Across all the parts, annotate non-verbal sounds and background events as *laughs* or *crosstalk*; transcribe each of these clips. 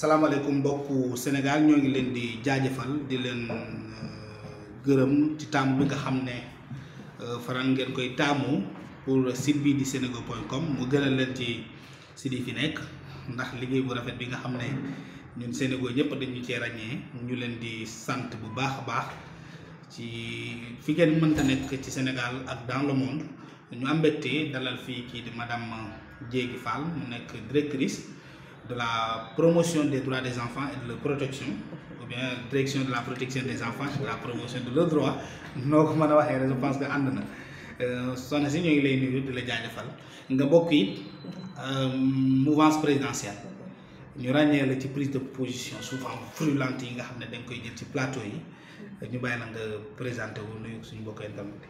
salaamaaleykum mbokku Sénégal ñoo ngi leen di jaajëfal di leen euh, gërëm ci taamu bi nga xam ne euh, faral ngeen koy taamu pour site bi di comme mu gënal leen ci site yi fi nekk ndax liggéey bu rafet bi nga xam ne ñun Sénégal ñëpp dañu cee ràññee ñu leen di sant bu baax baax ci fi ngeen mënta nekk ci Sénégal ak dans le monde ñu am mbégte dalal fii kii di madame Diéguy Fall mu nekk directrice. de la promotion des droits des enfants et de la protection ou bien direction de la protection des enfants et de la promotion de leurs droits noo ko mën a waxee je pense que ànd na euh, soxna si ñu ngi lay nuyu di la jaajëfal nga bokk it euh, mouvance présidentielle ñu ràññee la ci prise de position souvent virulente yi nga xam ne da koy jël ci plateau yi ñu bàyyi la nga présenté nuyu suñu mbokk internet bi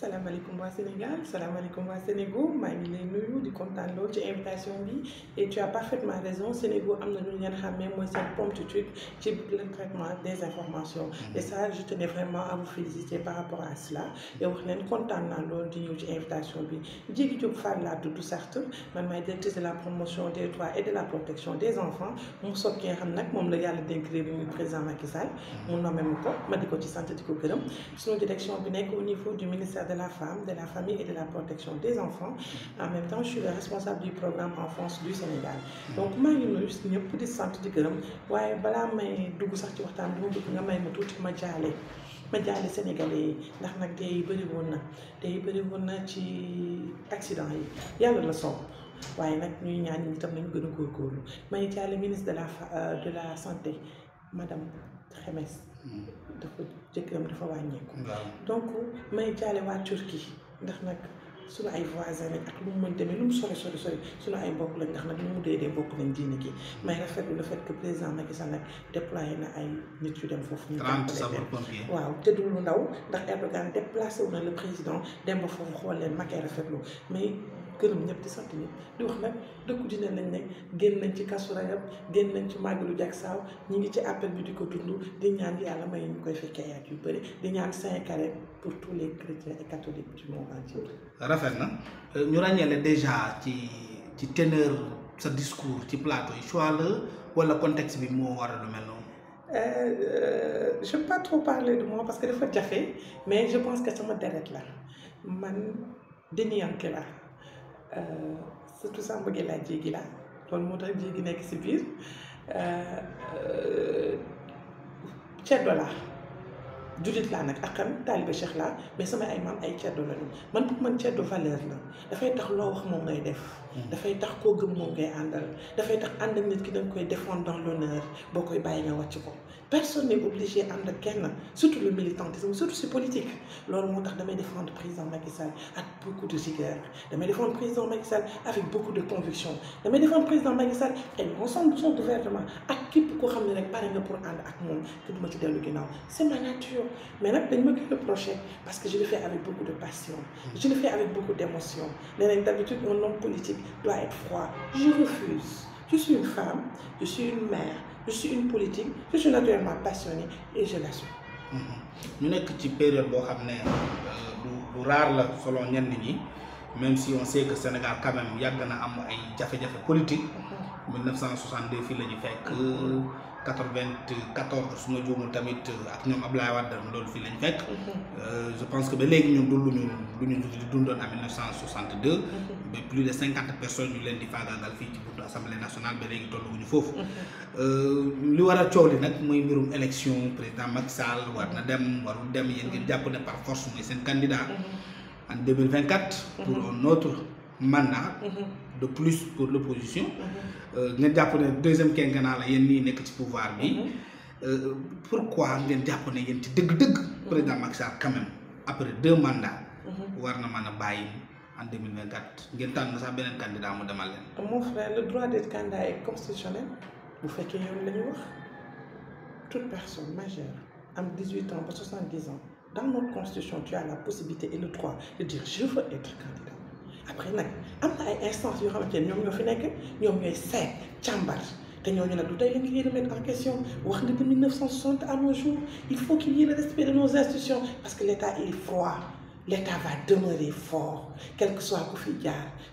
salaamaaleykum waa Sénégal salaamaaleykum waa Sénégal maa ngi lay nuyu di kontaan lool ci invitation bi et tu as parfaitement raison Sénégal am na lu ngeen xàmmee mooy seen promptitude ci le traitement des informations mm. et ça je tenais vraiment à vous féliciter par rapport à cela et wax leen kontaan naa lool di ñëw ci invitation bi Djiby Diop Fall laa tudd certes man maay directrice de la promotion des droits et de la protection des enfants mu soog ki nga xam la yàlla dénk réew mi muy mm. ko ma di ko ci sant di ko gërëm suñu de la femme, de la famille et de la protection des enfants. En même temps, je responsable du programme enfance du Sénégal. donc maa ngi nuyu ñëpp di sant di gërëm waaye balaa may dugg sax ci waxtaan bi ma bëgg nga may ma tuuti ma jaale ma jaale Sénégalais yi ndax nag dee yi woon na dee yi na ci accident yi yàlla la soog. waaye nag ñuy ñaan ñi tam nañu gën a góorgóorlu may jaale ministre de la euh, de la santé madame Xemes dafa jëkkëram dafa wàññeeku. donc may jaale waa Turquie ndax nag suñu ay voisins lañ ak lu mu mën demee lu mu sori sori su suñu ay mbokk lañ ndax nag lu mu dee dee bokk nañ diine gi may rafetlu le fait que président Macky sa nag déployé na ay nit yu dem foofu. ñu jàppale leen waaw te lu ndaw ndax Erdogan déplacé wu na le président dem ba foofu xool leen Macky rafetlu mais. kër gërëm ñëpp di sant ñëpp di wax nag dëkku dina lañ ne génn nañ ci kasu rajab génn nañ ci màgg lu jak saaw ñu ngi ci appel bi di ko dund di ñaan yàlla may ñu koy fekkee ak yu bëri di ñaan saint carême pour tous les chrétiens et catholiques du monde entier rafet na euh, ñu ràññeele déjà ci ci teneur sa discours ci plateau yi choix la wala contexte bi moo war a lu mel euh, euh, je ne pas trop parler de moi parce que dafa jafe mais je pense que sama deret la man déniyanke Euh, surtout sama bëggee laa jéegi laa loolu moo tax jéegi nekk si biir euh, euh, ceddo laa jullit laa nag akam taalibe cheikh laa mais samay ay maam ay ceddo lañu man pour man ceddo valeur la dafay tax loo wax moom ngay def hmm. dafay tax koo gëm moom ngay àndal dafay tax ànd ak nit ki danga koy défendre dans l'honneur boo koy bàyyi nga wàcc ko personne n'est obligé ànd ak kenn surtout le militantisme surtout si politique loolu moo tax damay défendre président Macky Sall beaucoup de rigueur damay défendre président Macky avec beaucoup de conviction damay défendre président Macky Sall et l'ensemble de son gouvernement ak képp koo xam ne rek pare nga pour ànd ak moom te c'est ma nature mais na dañ ma koy reprocher parce que je le fais avec beaucoup de passion je le je suis une politique je naturellement passionné et mm-hmm. ñu nekk ci période boo xam ne lu euh, raar la selon ñenn ñi même si on sait que Sénégal quand même yàgg na am ay jafe-jafe politique. 1962 mm-hmm. fii la ñu fekk. quatre-vingt-quatorze su ma juumul tamit euh, ak ñoom Abdoulaye Wade loolu fii lañ fekk euh, je pense que ba léegi ñun du lu ñu lu ñu dundoon en mille neuf cent soixante-deux ba plus de cinquante personnes ñu leen di faagaagal fii ci buntu assemblée nationale ba léegi tolluwuñu foofu euh, li war a coow li nag mooy mbirum élection président Macky saal war na dem warul dem yéen ngeen jàpp ne par force mooy seen candidat en 2024 pour un autre mandat de plus pour l' opposition euh, nga jàpp ne deuxième quinquennat la yéen ñii nekk ci pouvoir bi mhm. euh, pourquoi ngeen jàpp ne yéen ci dëgg-dëgg mhm. président Macky Sall quand même après deux mandats mhm. war na man a bàyyi en 2024 ngeen tànn sax beneen candidat mu demal leen mon frère le droit d'être candidat est constitutionnel bu fekkee yoon la ñu wax toute personne majeure am 18 ans ba 70 ans dans notre constitution tu as la possibilité et le droit de dire je veux être après nag am na ay instances yoo xamante ne ñoom ñoo fi nekk ñoom ñooy seet càmbar te ñooñu nag du tey lañ koy remettre en question wax nga de 1960 à nos jours il faut qu'il y ait le respect de nos institutions parce que l'État il est froid. l'État va demeurer fort quel que soit ku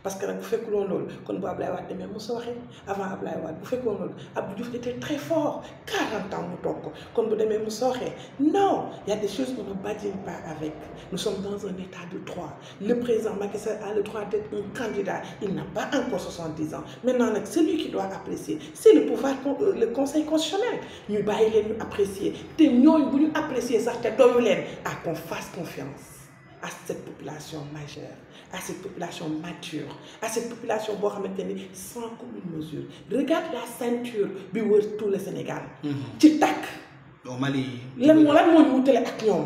parce que nag bu fekkuloon loolu kon bu Ablaye Wade demee Moussa waxee avant Ablaye Wade bu fekkoon était très fort 40 ans mu toog ko kon bu demee Moussa waxee non il y a des choses qu'on ne badine pas avec nous sommes dans un état de droit le président Macky Sall a le droit d'être un candidat il n'a pas encore 70 ans maintenant nag celui qui doit apprécier c'est le pouvoir euh, le conseil constitutionnel ñu bàyyi leen ñu bu ñu apprécier sax te doyu leen ah qu'on fasse confiance à cette population majeure à cette population mature à cette population boo xamante ni sans commune mesure regarde la ceinture bi wër tout le Sénégal. Mm-hmm. ci takk. au Mali. lan moo la moo ñu wutale ak ñoom.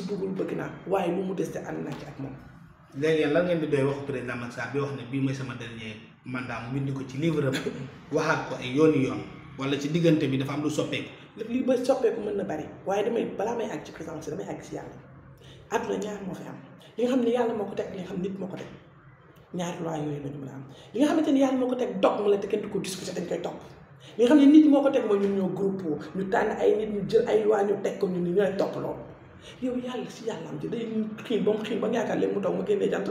su bëggul bëgg naa waaye lu mu des te ànd naa ci ak moom. léegi lan ngeen di doy waxu président Macky Sall bi wax ne bii mooy sama dernier mandat mu bind ko ci livre am waxaat ko ay yoon yoon wala ci diggante bi dafa am lu soppeeku. li ba soppeeku mën na bari waaye damay balaa may àgg ci président Macky Sall damay àgg ci yàlla àdduna ñaar moo fi am li nga xam ne yàlla moo ko teg li nga xam nit ko teg ñaari loi yooyu la ñu mën a am li moo ko teg dog mu la te kenn du ko discuter dañ koy topp li nga xam ne nit moo ko teg mooy ñun ñoo groupe ñu tànn ay nit ñu jël ay loi ñu teg ko ñun ñu ñooy topp loolu yow yàlla si yàlla am ci day xiin ba mu xiin ba nga yaakaar leen mu taw ma génnee jant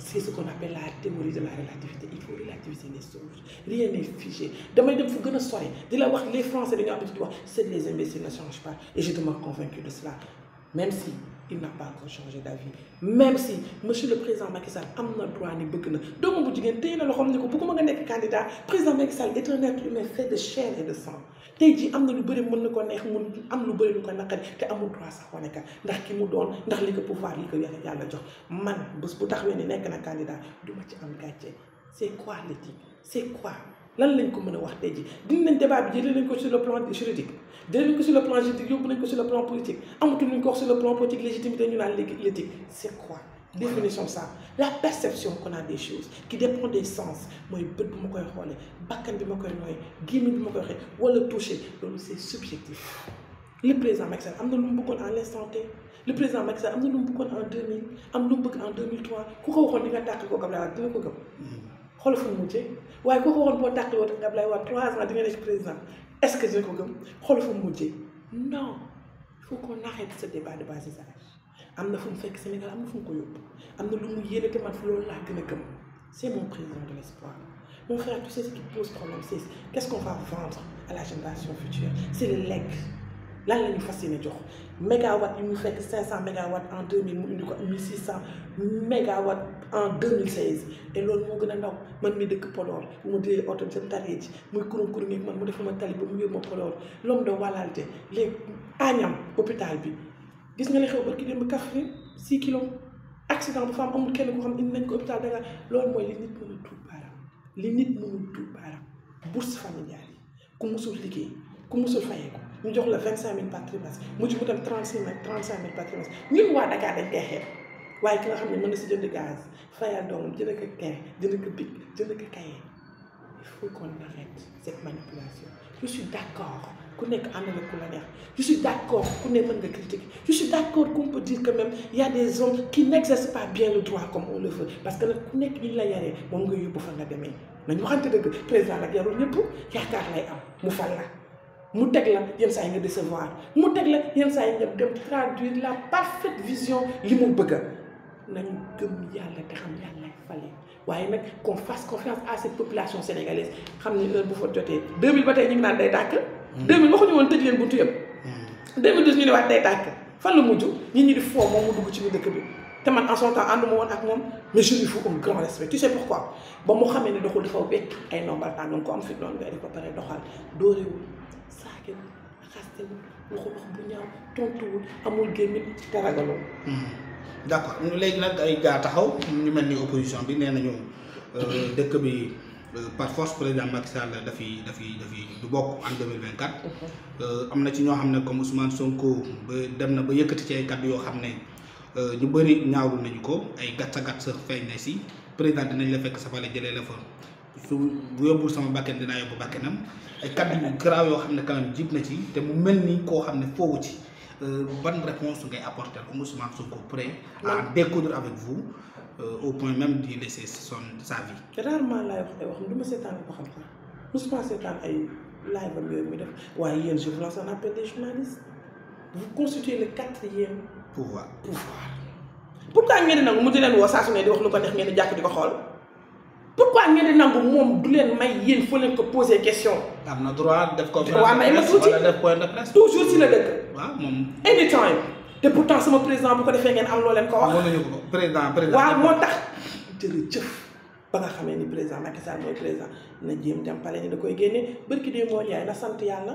c'est ce qu'on appelle la théorie de la relativité il faut relativiser les choses rien n'est figé damay dem fu gën a sori di la wax les français dañoo habitude di wax c'est les imbéciles ne changent pas et je demeure convaincu de cela même il n'a pas encore changé d'avis même si monsieur le président Macky am na droit ni bëgg na doomu bu jigéen téye na loxoom ni ko bëgguma nga nekk candidat président Macky Sall est un être fait de chair et de sang tey jii am na lu bëri mën na ko neex mun am lu bëri lu ko naqari te amul droit sax wane ndax ki mu doon ndax li ko pouvoir li ko yàlla jox man bés bu taxawee ni nekk na candidat du ma ci am gàcce c'est quoi l'éthique c'est quoi lan lañ ko mën a wax tey ji dindi nañ débat bi jëlee ko sur le plan juridique jëlee ko sur le plan juridique yóbbu nañ ko sur le plan politique amatul nañ ko wax le plan politique légitimité ñu naan l'éthique c'est quoi définissons ça la perception qu'on a des choses qui dépend des sens mooy bët bu ma koy xoolee bakkan bi ma koy nooyee gémmiñ bi ma koy waxee wala toucher loolu c'est subjectif le président Macky Sall am na lu mu bëggoon en l'instant T le président lu mu xool fu mu mujjee waaye ku ko waxoon boo tàqli woon nga Ablaye Wade trois ans di nga nekk président est-ce que ko gëm xool mu mujjee non il faut qu'on arrête ce débat de bas âge am na fu mu fekk Sénégal am na fu mu ko yóbbu am na lu mu yéene te man fu loolu laa gën a gëm c'est mon président de l'espoir mon frère tu sais qui pose problème c'est quest qu'on va vendre à la génération future c'est le lan la ñu fas yéene jox mégawatt yi mu fekk 500 mégawatts en 2000 mu ko 1600 mégawatts en 2016 te lool moo gën a ndaw man mi dëkk Podor bu ma dee oto bi sa taree ji muy kurum kurum man mu def ma tali ba bi gis nga li xew barki démb Kaffrine 6 kilos accident bu fa am amul kenn ko xam indi nañ ko hôpital Dakar mooy li nit mën a tuub baaraam li nit mënul tuub baaraam bourse familiale yi ku musul liggéey ku musul fayee mu jox la vingt cinq mille par trimestre mu ci mu dem trente cinq mille par trimestre waa Dakar dañ koy xeeb waaye ki nga xam ne mën na si jënd gaz fayal doomam jënd ko teer jënd ko bic jënd ko cahier il nekk ànd na ku la neex je suis d'accord ku ne mën nga critiquer je suis d'accord des hommes qui n'exercent pas bien le droit comme on le parce que nag ku nekk ñu la yaree moom nga yóbbu fa nga demee nañu waxante dëgg président nag yarul ñëpp yaakaar lay am mu fal la mu teg la yenn saa yi nga décevoir mu teg la yenn saa yi nga dem traduire la parfaite vision li mu bëgg a nañu gëm yàlla te xam yàlla fale waaye nag qu'on fasse confiance à cette population sénégalaise xam ne heure bu fa jotee 2000 ba tey ñu ngi naan day tàkk. 2000 hmm. waxuñu woon tëj leen buntu yëpp. 2012 hmm. ñu ne waat day tàkk fan lu mujj ñi ñu di foo moom mu dugg ci biir dëkk bi. te man en son temps ànduma woon ak moom mais je lui fous un grand respect tu sais pourquoi ba mu xamee kenn xastewul bu ñaaw tontuwul amul gémmiñ te ragaloo d' accord léegi nag ay gaa taxaw ñu mel ni opposition bi nee nañu euh, dëkk bi euh, par force président Macky Sall dafiy dafiy du bokk en 2024. Euh, am na ci ñoo xam ne comme Ousmane Sonko ba dem na ba yëkkati ci ay kàddu yoo xam ne ñu bëri ñaawlu nañu ko ay gàtt sa gàtt sa feeñ na si président dinañ la fekk sa fa la jëlee su bu yóbbul sama bàkken dinaa yóbbu bàkkenam ay kàddu yu yoo xam ne quand même jib na ci te mu mel ni koo xam ne foofu ci euh, ban réponse ngay apporter au Ousmane Sonko prêt à ah. découdre avec vous euh, au point même di laisser son sa vie. rarement laay wax ay wax du seetaan ko xam sax mosuma seetaan ay live am yooyu muy def waaye yéen je vous lance un appel des journalistes vous constituez ngeen ne mu di leen woo saa su ne di wax lu ko neex ngeen di jàkk di ko xool. pourquoi ngeen di nangu moom du leen may yéen foo leen ko posé question. am na def conférence waaw may ma tuuti def point de presse toujours si la dëkk. waaw moom. anytime te pourtant sama président bu ko defee ngeen am loo leen ko wax. mënuñu ko président président waaw moo tax. jërëjëf. ba nga xamee ni président Macky Sall mooy président na jéem jàmpale ni da koy génne barki dee moo Ndiaye na sant yàlla.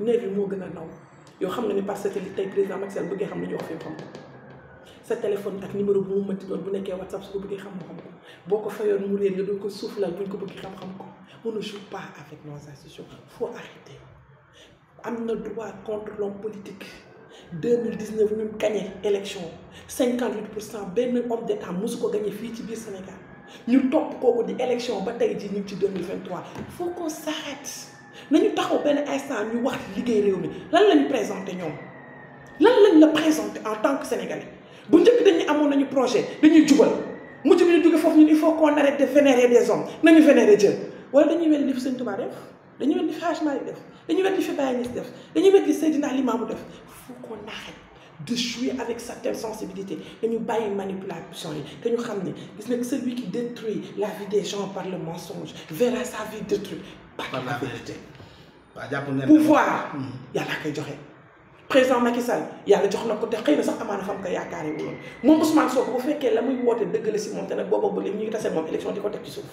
neuf moo gën a ndaw yow xam nga ni parce que tey président Macky Sall bëggee xam nañu wax fi xam ko sa téléphone ak numéro bu mu mënti doon bu nekkee WhatsApp su ko bëggee xam mu xam ko boo ko fayoon mu réer nga duñ ko suuflal buñ ko bëggee xam-xam ko on ne joue pas avec nos institutions faut arrêter am na droit contre l'homme politique 2019 ñu gagné élection 58 pour cent benn homme d'état mosu ko gagné fii ci biir Sénégal ñu topp kooku di élection ba tey ji ñu ngi ci 2023 faut qu'on s'arrête nañu taxaw benn instant ñu wax liggéey réew mi lan lañ présenté ñoom lan lañ la présenté en tant que sénégalais bu njëkk dañuy amoon nañu projet dañuy jubal mujj bi ñu jóge foofu ñun il faut qu'on arrête de vénérer des hommes nañu vénérer Dieu wala dañuy wel li fi Sëñ Tuubaa def dañuy wel li fi Hajj Maalik def dañuy wel li fi Baye Niass def dañuy wel li Seydina Limaamu def faut qu'on arrête de jouer avec certaines sensibilités dañu bàyyi manipulation yi te ñu xam ni gis nga celui qui détruit la vie des gens par le mensonge verra sa pouvoir hmm. yàlla koy joxe président Macky Sall yàlla jox na ko te xëy na sax amaana fam ko yaakaaree wu loolu moom Ousmane Sonko bu fekkee la muy woote dëgg si moom te nag booba ba léegi ñu ngi tase moom élection di ko teg ci suuf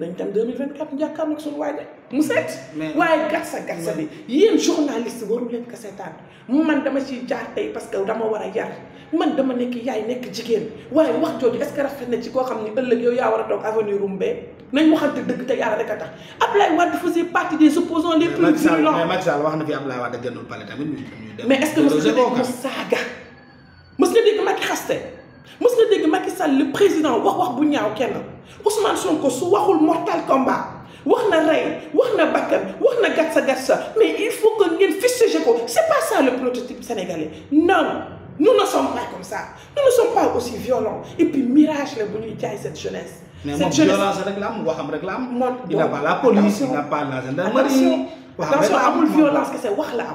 nañ dem 2024 njàkkaarloog suñu waay de mu seet waaye gatsa gatsa bi yéen journaliste waru leen seetaan man dama ciy jaar tey parce que dama war a yar man dama nekk yaay nekk jigéen waaye wax jooju est-ce que rafet na ci koo xam ni ëllëg yow yaa war a toog avenue Roumbé nañ waxante dëgg te yàlla rek tax Ablaye Wade faisait partie des opposants les plus virulents mais Macky Sall wax na fi Ablaye Wade gënul pale tamit mais est-ce que mos nga dégg mu saaga mos xaste mës nga dégg Macky Sall le président wax wax bu ñaaw kenn Ousmane Sonko su waxul mortal combat wax na rey wax na bakkan wax na gatsa gatsa mais il faut que ngeen fustigé ko c'est pas ça le prototype sénégalais non. nous ne sommes pas comme ça nous ne sommes pas aussi violents et puis mirage la bu ñuy jaay cette jeunesse. mais moom violence rek la am waxam rek la am. moom il amul violence wax la am.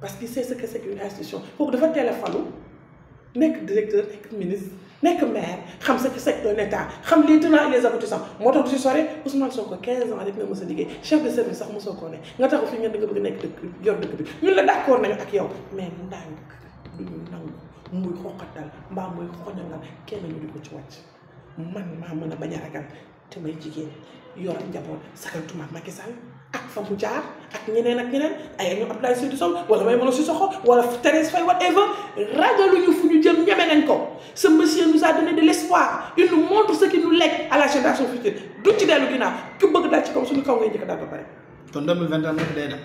parce que c'est qu'une institution kooku dafa teel a nekk directeur nekk nekk maire xam ce que c'est xam les tenants et les aboutissants moo tax du si sore Ousmane a liggéey chef de service sax mosoo koo ne nga taxu fi nga da nga bëgg nekk dëkk yor dëkk bi ñun la d'accord nañu ak yow mais ndànk duñu nangu muy xoqatal mbaa muy xoñangal kenn ñu di ko ci wàcc man maa mën a bañ a ragal te may jigéen yor njaboot sakantuma Macky Sall ak fa mu jaar ak ñeneen ak ñeneen ay ñoom Abdoulaye Seydou Sow wala may mën a si soxo wala Thérèse Faye whatever ragaluñu fu ñu jëm ñeme nañ ko ce monsieur nous a donné de l'espoir il nous montre ce qu'il nous lègue à la génération future ci dellu ginnaaw ku bëgg daal ci kaw suñu kaw ngay njëkk daal ba pare. kon 2021 nag day dem.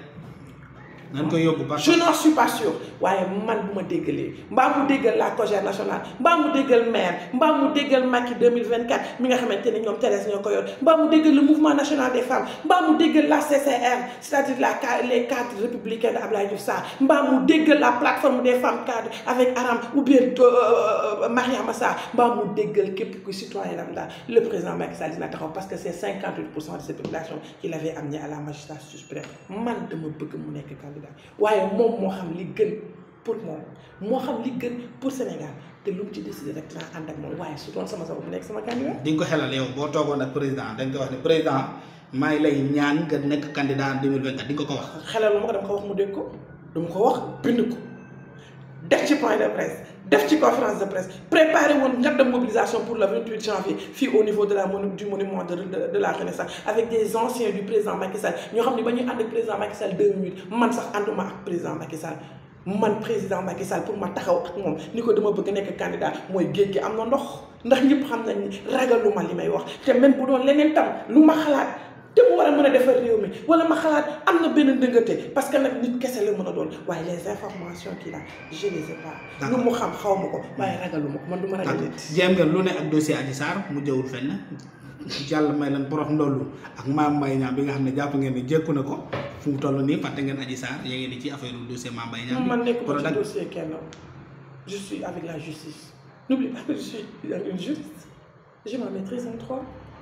je n'en suis pas sûr waaye man bu ma déggalee mbaa mu déggal la COJER nationale mbaa mu déggal maire mbaa mu déggal Macky 2024 mi nga xamante ne ñoom Thérèse ñoo ko yor mbaa mu déggal le mouvement national des femmes mbaa mu déggal la CCR c'est-à-dire la les cadres républicains de Abdoulaye Diouf Sarr mbaa la plateforme des femmes cadres avec Aram ou bien euh, euh, euh, Mariama Sarr mbaa mu déggal képp ku citoyen lambda le président Macky Sall dina taxaw parce que c'est 58 pour de cette population waaye moom moo xam li gën pour moom moo xam li gën pour Sénégal te lu mu ci décidé rek dinaa ànd ak moom waaye su doon sama sago mu nekk sama candidat. di nga ko xelal yow boo toogoon ak président da ko wax ne président maa ngi lay ñaan nga nekk candidat en 2024 di nga ko wax. xelal ma ko dama ko wax mu dégg ko dama ko wax bind ko. def ci point de presse def ci conférence de presse préparé woon ñett de mobilisation pour le 28 janvier fii au niveau de la du monument de de la Renaissance avec des anciens du président Macky Sall ñoo xam ne ba ñuy ànd ak président Macky Sall minutes man sax ànduma ak président Macky man président Macky pour ma taxaw ak moom ni ko dama bëgg nekk candidat mooy géej gi am na ndox ndax ñëpp xam nañ ni ma li may wax te même bu doon tam lu ma te mu war a mën a defar réew mi wala ma xalaat am na benn ndëngate parce que nag nit kese la mën a doon waaye les informations qu'il a je les lu xam xaw ma ko waaye hmm. ragalu ma ko man du ma lu ne ak dossier Adji Sarr mu jëwul fenn jàll may lan borom ndollu ak maam Mbaye Niang bi nga xam ne jàpp ngeen ne jékku na ko fu mu toll nii fàtte ngeen Adji Sarr yaa ngeen di ci affaire dossier maam Mbaye Niang. man nekkuma ci dossier kenn je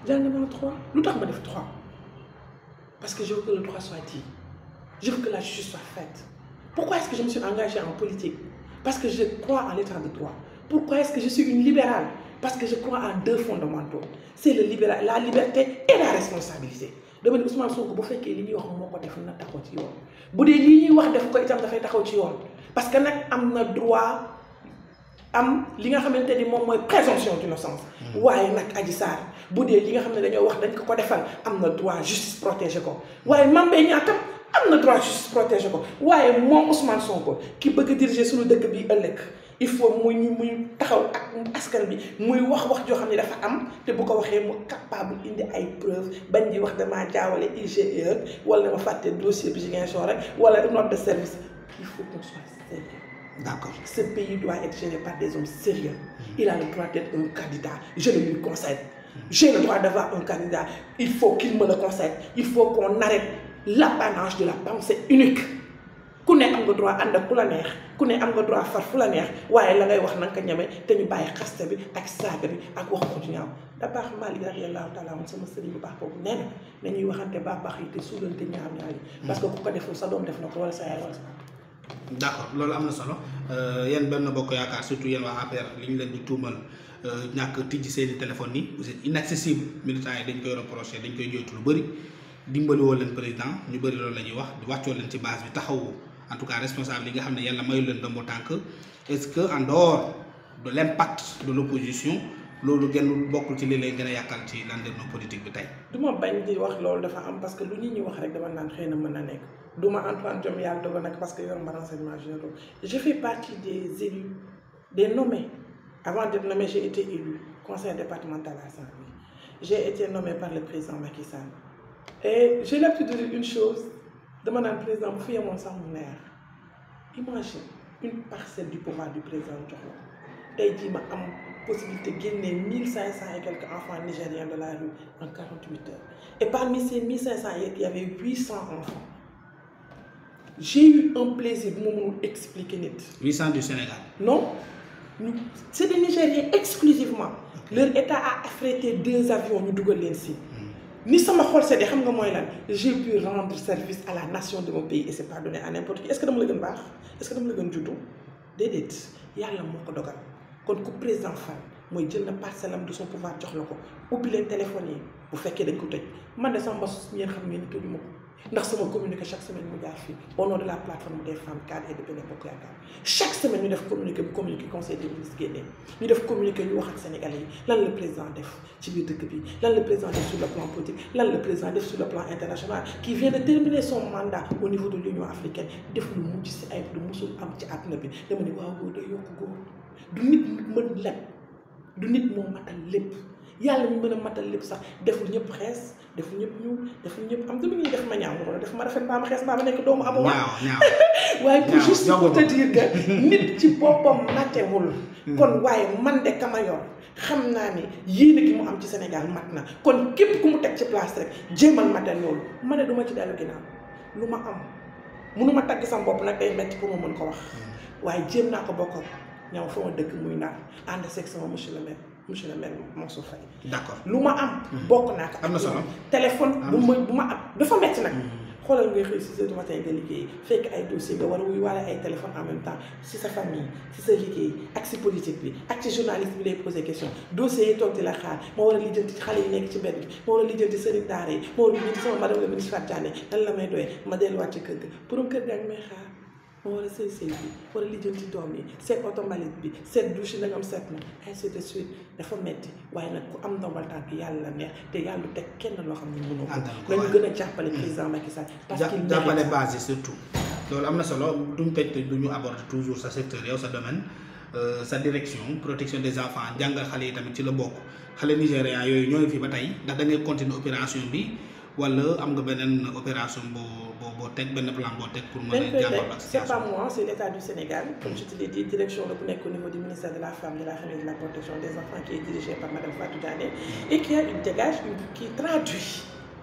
lu tax ma def droit. Parce que je veux que le droit soit dit. Je que la justice soit faite. Pourquoi est-ce que je me suis engagée en politique Parce que je crois en l'état de droit. Pourquoi est-ce que je suis une libérale Parce que je crois en deux fondamentaux. C'est le libéral, la liberté et la responsabilité. dama ne Ousmane Sonko bu fekkee li ñuy wax moo ko def na taxaw ci yoon bu dee li ñuy wax def ko itam dafay taxaw ci yoon parce que nag am na droit am li nga xamante ni moom mooy présomption d'innocence mm. waaye nag Adji Sarr bu dee li nga xam ne dañoo wax dañ ko ko defal am na droit justice protéger ko waaye Mame Mbaye Niang tam am na droit justice protéger ko waaye moo moom Ousmane Sonko ki bëgg a diriger suñu dëkk bi ëllëg il faut mu muy muy taxaw ak askan bi muy wax wax joo xam ne dafa am te bu ko waxee mu capable indi ay preuve bañ di wax damaa jaawale IGE wala ma fàtte dossier bi Ziguinchor rek wala note de service il D'accord. Ce pays doit être géré par des hommes sérieux. Il a le droit d'être un candidat. Je le lui conseille. J'ai le droit d'avoir un candidat. Il faut qu'il me le conseille. Il faut qu'on arrête l'apanage de la pensée unique. ku ne am nga droit ànd ak ku la neex ku ne am nga droit far fu la neex waaye la ngay wax na nga ko ñeme te ñu bàyyi xaste bi ak saaga bi ak wax ko ñaaw da baax Maalik radiyallaahu taala an sama sëriñ bu baax boobu nee na ñuy waxante baax baax yi te suulante ñaaw ñaaw que ku ko sa doom def na ko d' loolu am na solo euh, yéen benn bokk yaakaar surtout yéen waa APR li ñu leen di tuumal euh, ñàkk tijji seen i téléphone yi vous êtes inaccessible militants yi dañ koy reproché dañ koy joytu lu bari dimbali woo leen président ñu bëri loolu la ñuy wax di wàccoo leen ci base bi taxawu en tout cas responsable yi nga xam ne yàlla mayu leen dëmbu tànk est que en dehors de l' impact de l' opposition loolu gën bokkul ci li lay gën a yàqal ci landerneau politique bi loolu dafa parce que lu nit ñi wax rek dama xëy na mën na nekk. Douma Antoine Diom Yalla dogal nag parce que yor ma renseignement généraux je fais partie des élus des nommés avant d'être nommé j'ai été élu conseil départemental à Saint-Louis j'ai été nommé par le président Macky et j'ai l'habitude de dire chose dama naan président bu fi yemoon sax mu neex imagine une parcelle du pouvoir du président jox la tey jii ma am possibilité génnee mille cinq cent et quelques enfants nigériens de la rue en quarante huit heures et parmi cent il j'ai eu un bu ma mënul expliquer nit. 800 du Sénégal. non ñu c' est des Nigériens exclusivement leur état a affrété deux avions ñu dugal leen si. Hmm. ni sama xol seetee xam nga mooy lan j'ai pu rendre service à la nation de mon pays et c' ce que dama la gën baax est ce que dama la gën juddu déedéet yàlla moo ko dogal kon ku président Fall mooy jël na parcelle am de son pouvoir jox la ko ubbi leen téléphone yi bu fekkee dañ ko tëj man de sama mbas ñeen xam ko. ndax sama communiqué chaque semaine mu jaar fii au nom de la plateforme des femmes cadres et de Benno Bokk Yaakaar chaque semaine ñu def communiqué bu communiqué conseil des ministres génnee ñu def communiqué ñu wax ak sénégalais yi lan le président def ci biir dëkk bi lan le président def sur le plan politique lan le président def sur le plan international qui vient de mandat au niveau de l'Union africaine def lu mujj si ay lu musul am ci mën lépp a lépp sax deful ñëpp xees defu ñëpp ñëw defu ñëpp am tamit ñuy def ma ñaaw wala def ma rafet ba ma xees ba ma nekk doomu amu ma *laughs* waaye pour juste pour te dire que nit ci boppam matewul hmm. kon waaye man de kama yor xam naa ni yéene mu am ci Sénégal mat kon képp ku mu teg ci place rek jéemal mate loolu ma ne du ma ci dellu ginnaaw ma am munu ma tagg sama bopp nag day metti ko ma mën ko wax hmm. waaye jéem naa ko bokkal ñaw fa ma dëkk muy naan ànd seeg sama monsieur le maire monsieur le maire Mansour Faye. d'accord lu ma am. Hmm. bokk naa ko am na solo téléphone. bu ma bu ma am dafa métti nag. Hmm. xoolal ngay xëy 6 heures du matin nga liggéey fekk ay dossier nga war a wuy waale ay téléphone en même temps si sa famille si sa liggéey ak si politique bi ak ci journaliste bi lay posé question dossiers yi toog di la xaar moo war a lijjanti xale yi nekk ci mbedd bi moo war a lijjanti sëriñ daara yi moo war a lijjanti sama madame la ministre Fatou Diané ci kër ga may xaar moo war a sëy sëy bi war a lijjanti doom yi seet automatique bi seet douche yi nga seet na ainsi de suite dafa metti waaye nag ku am ndombal tànk yàlla neex te yàlla teg kenn loo xam ne mënoo ko nañu gën a jàppale président Macky Sall jàppale base surtout loolu am na solo duñ tëj te duñu aborder toujours sa secteur yow sa domaine euh, sa direction protection des enfants jàngal xale yi tamit ci la bokk xale nigérian yooyu ñoo ngi fi ba tey ndax da ngay bi wala am nga beneen opération boo boo boo teg benn plan boo teg pour mën a jàmmal ak situation moi c'est l'état du Sénégal comme je te l'ai dit direction la bu nekk au niveau du ministère de la femme de la famille de la protection des enfants qui est dirigée par madame Fatou Dané et qui a une dégage qui traduit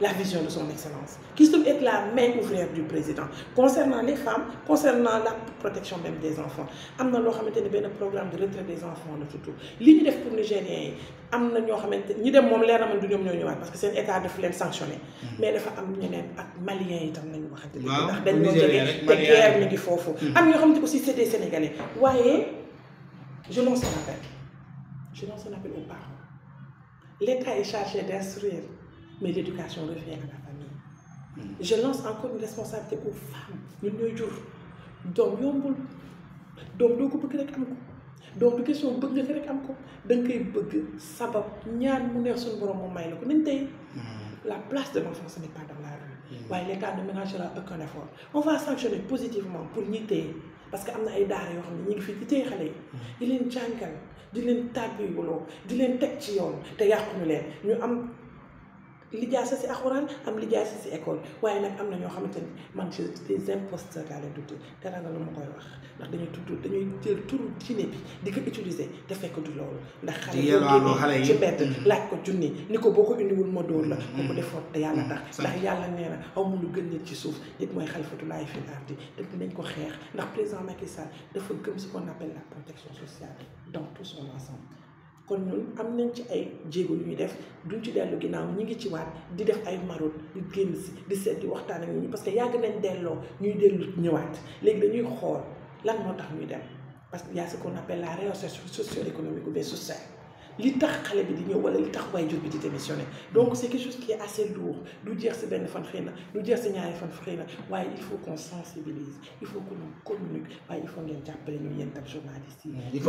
la vision de son excellence qui se trouve être la main ouvrière du président concernant les femmes concernant la protection même des enfants am na loo xamante ni benn programme de retrait des enfants la tudd li ñu def pour nigériens yi am na ñoo xamante ñi dem moom leer na man du ñoom ñoo ñëwaat parce que seen état daf leen sanctionné hmm. mais dafa am ñeneen ak maliens yi tam nañu waxante ndax dañ ñoo jege te guerre mi ngi foofu hmm. am ñoo xamante aussi c'est des sénégalais waaye je lance un appel mais l'éducation revient à la famille. Mm. je lance encore une responsabilité aux femmes ñun ñooy jur doom yombul doom doo ko bëgg rek am ko doom du kesoo bëgg nga rek am ko da nga koy bëgg sabab ñaan mu neex suñu borom moom may la ko nañ tey. Mm. la place de l'enfant ce n'est pas dans la rue. Mm. waaye l'État ne ménagera aucun effort on va sanctionner positivement pour ñi téye parce que am na ay daara yoo xam ne ñu ngi fi di téye xale yi. di leen jàngal di leen tàggatoo di leen teg ci yoon te yàquñu leen ñu am. lijaasa si alxuraan am lijaasa si école waaye nag am na ñoo xamante ne man je des sa laa leen tuddee te ragal ma koy wax ndax dañuy jël turu diine bi di ko utiliser te fekk di loolu. ndax xale yi génne mm-hmm. laaj ko junni ni ko boo ko indiwul ma dóor la. ko mm-hmm. ko defoon te yàlla mm-hmm. tax ndax yàlla nee na aw mu lu gën nit ci suuf nit mooy xalifatulaay fil ardi te dinañ ko xeex ndax président Macky Sall dafa gëm ce qu'on appelle la protection sociale dans tout son ensemble. kon ñun am nañ ci ay jéego yu ñu def duñ ci dellu ginnaaw ñu ngi ci waat di def ay marut di génn si di seet di waxtaan ak ñi parce que yàgg nañ delloo ñuy dellu ñëwaat léegi dañuy xool lan moo tax ñuy dem parce que y a ce qu'on appelle la réinsertion socio-économique ou bien sociale li tax xale bi di ñëw wala li tax waajur bi di démissionné donc c' est quelque chose qui est assez lourd du jeex si benn fan xëy na du jeex si ñaari fan xëy na waaye il faut qu'on sensibilise il faut qu'on communique waaye il faut ngeen jàppale ñu yéen tam journaliste yi. il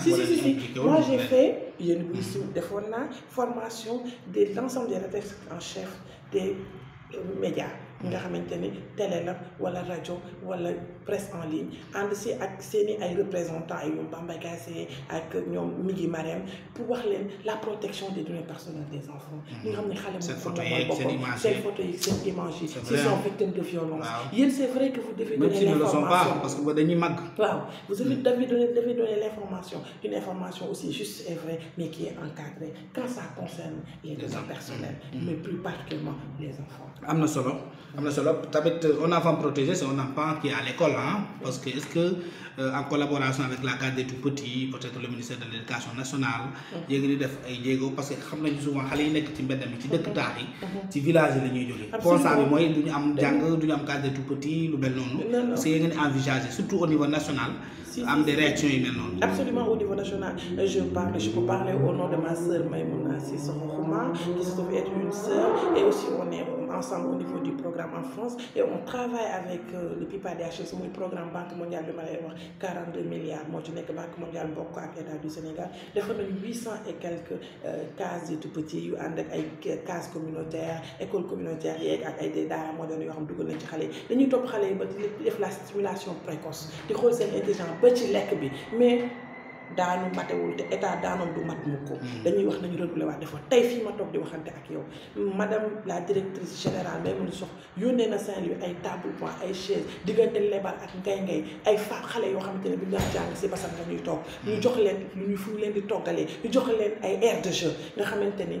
si si si moi j'ai fait yéen buy defoon naa formation de l' de des rédacteurs en chef des médias. nga xamante ni télé la wala rajo wala presse en ligne ànd si ak seeni ay représentants yu Bamba Kassé e ak ñoom Migui Marème pour wax leen la protection des données personnelles des enfants. Hmm. li nga xam ne xale moom photo yeeg seen image seen photo yeeg de violence. yéen c'est vrai que vous devez donner l'information parce que dañuy màgg. waaw vous avez hmm. devez donner devez l'information une information aussi juste et vraie mais qui est encadrée quand ça concerne les données hmm. am na solo. am na solo tamit on enfant protégé c'est un enfant qui est à l'école ah parce que est-ce que euh, en collaboration avec la garde des tout-petits peut-être le ministère de l'éducation nationale mm-hmm. yéegi di def ay jéego parce que xam nañu souvent xale yi nekk ci mbedd mi ci dëkk mm-hmm. taax mm-hmm. ci village yi ñuy jógee constat mooy du ñu am jàng du ñu am garde des tout-petits lu mel noonu parce que yéen ngeen envisager surtout au niveau national am des réactions yu mel noonu ensemble au niveau du programme en France et on travaille avec euh, le PIPADHS muy programme banque mondiale bi ma lay wax 42 milliards moo ci nekk banque mondiale bokk ak état du Sénégal dafa nañ 800 et quelques euh, cases yu tout petit yu ànd ak ay cases communautaires école communautaire yeeg ak ay des daara moderne yoo xam dugal nañ ci xale yi dañuy topp xale yi ba def la stimulation précoce di xool seen intelligence ba ci lekk bi daanu matewul te état daanoon du mat mu mm. dañuy wax nañu redoubler waat defa tey fii ma toog di waxante ak yow madame la directrice générale Maimouna Sokh yónnee na Saint-Louis ay table point ay chaise diggante lebal ak ngay ngay ay fa xale yoo xamante ne bi ñu jàng si basam dañuy toog ñu jox leen lu ñu leen di toggalee ñu jox leen ay aire de jeu nga xamante ni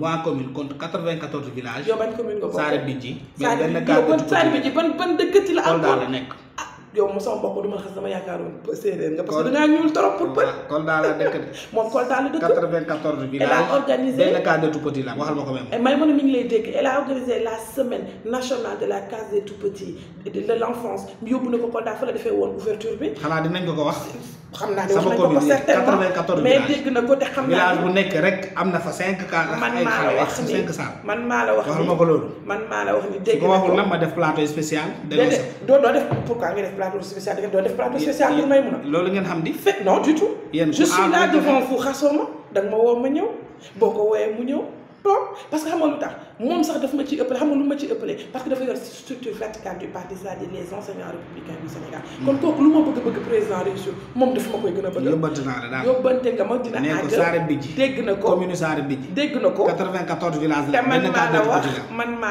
waa commune contre 94 villages. yow ban commune nga bokk Saare Bidji. Saare Bidji yow ban Saare Bidji ban ban la. nekk. ah yow ma sama mbokk du ma xas sama yaakaaroon parce que da ngaa trop pour pël. Kolda la dëkk de. *laughs* moom Kolda la dëkk 94 villages. elle a organisé benn cas de tout la waxal ma ko même. Eh, may mën mi ngi lay dégg elle a la semaine nationale de la case des tout petits de l' enfance yóbbu na ko Kolda fa la defee woon ouverture bi. xanaa xam naa ne wax nañ ko certainement mais dégg na ko te xam naa village bu nekk rek am na fa cinq cas man maa la wax ni man maa la wax ni ma ko loolu man maa la wax ni dégg na ko waxul nag ma def plateau spécial déedéet doo doo def pourquoi nga def plateau spécial doo def plateau spécial pour may mun a loolu ngeen xam di fait non du tout je suis là devant vous xasoo ma da nga ma woo ma ñëw boo ko wooyee mu ñëw toog parce que xam nga lu tax moom sax daf ma ci ëppale xam lu ma ci ëppale parce que dafa yor structure verticale du parti c'est-à-dire les enseignants du Sénégal. Hmm. kon kooku lu ma bëgg bëgg président réussir moom dafa ma koy gën a bëgg. yóbbante ma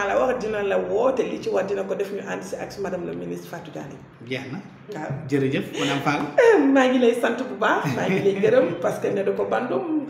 la. wax dina la woote li ci war dina ko def ñu ànd si ak madame la ministre Fatou Diané. jeex na waaw jërëjëf madame Fall. *laughs* maa ngi lay sant bu baax maa ngi lay gërëm parce que ne da ko bandum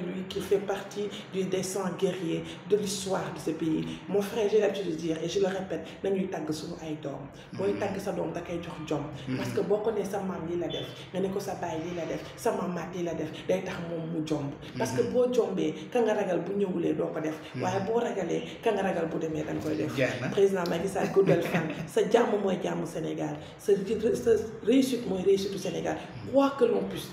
de lui qui fait partie du dessin guerrier de l'histoire de ce pays mon frère j'ai l'habitude dire et je le nañuy tàgg suñu ay doom booy mm-hmm. tàgg sa doom da kay jox jom mm-hmm. parce que boo ko nee sa maam lii la def nga ne ko sa baay la def sa maamaat lii la def day tax moom mu jomb mm-hmm. parce que boo jombee ka nga ragal bu ñëwulee doo ko def waaye boo ragalee ka bu demee danga koy def président Macky Sall guddal fan *laughs* sa jàmm mooy jàmm Sénégal sa sa réussite mooy réussite du Sénégal quoi que l'on puisse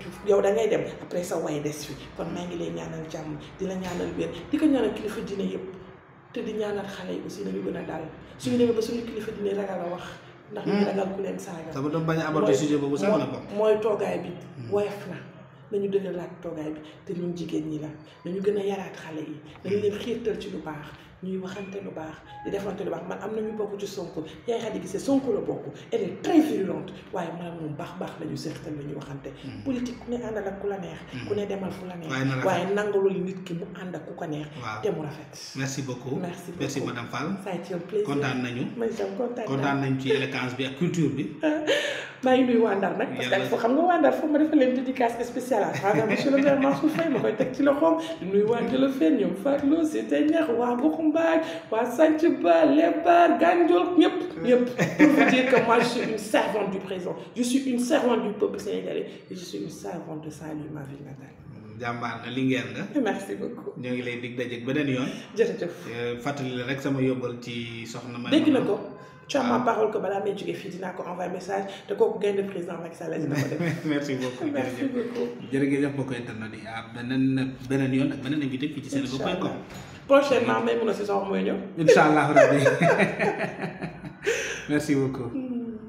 que yow da ngay dem après sa way des fi kon maa ngi lay ñaanal jàmm di la ñaanal wér di ko ñaanal kilifa diine yëpp te di ñaanal xale yi aussi dañu gën a daal suñu demee ba suñu kilifa diine ragal a wax. ndax ñu hmm. ragal ku leen saaga. sama doom bañ a aborder sujet boobu na ko. mooy toogaay bi hmm. woyof na. nañu dëgëraat toogaay bi te ñun jigéen ñi la nañu gën a yaraat xale yi dañu leen xiirtal ci lu baax. ñuy waxante lu baax di defante lu baax man am na ñu bokk ci Sonko yaay Khady Guissé Sonko la bokk elle est très waaye man moom baax baax la ñu seqal la ñu waxante. Hmm. politique ku ne àndal ak ku la neex. Hmm. ku ne demal fu la neex. waaye nangalul nit ki mu ànd ak ku ko neex. te mu rafet. merci beaucoup merci beaucoup merci madame Fall. ça a été un plaisir kontaan nañu. man itam kontaan nañu kontaan nañu ci éloquence bi ak culture bi. *laughs* maa ngi nuyu waa Ndar nag parce que ak foo xam nga waa Ndar foofu ma defal leen dédicace spéciale à ah, travers monsieur le maire Mansour Faye ma koy teg ci loxoom di nuyu waa Ndiolofène ñoom Fatou Lo si tey neex waa Ngoxumbaay waa Sanc Ba Lebar Gandiol ñëpp ñëpp pour vous dire que suis une servante du présent je suis une servante du peuple sénégalais je suis une servante de Saint-Louis ma ville natale jàmbaar na li ngeen nga merci beaucoup ñoo ngi lay dig dajeeg beneen yoon jërëjëf euh, fàttali la rek sama yóbbal ci soxna ma dégg na tu as ma balaa may jógee fii dinaa ko envoyer message te kooku gaynde président Macky Sall dina ko def. merci beaucoup merci beaucoup. jërëjëf yi ah beneen beneen yoon ak beneen invité fii ci senego.com. prochainement may mun a si soxla mooy ñëw. incha rabbi *laughs* merci beaucoup.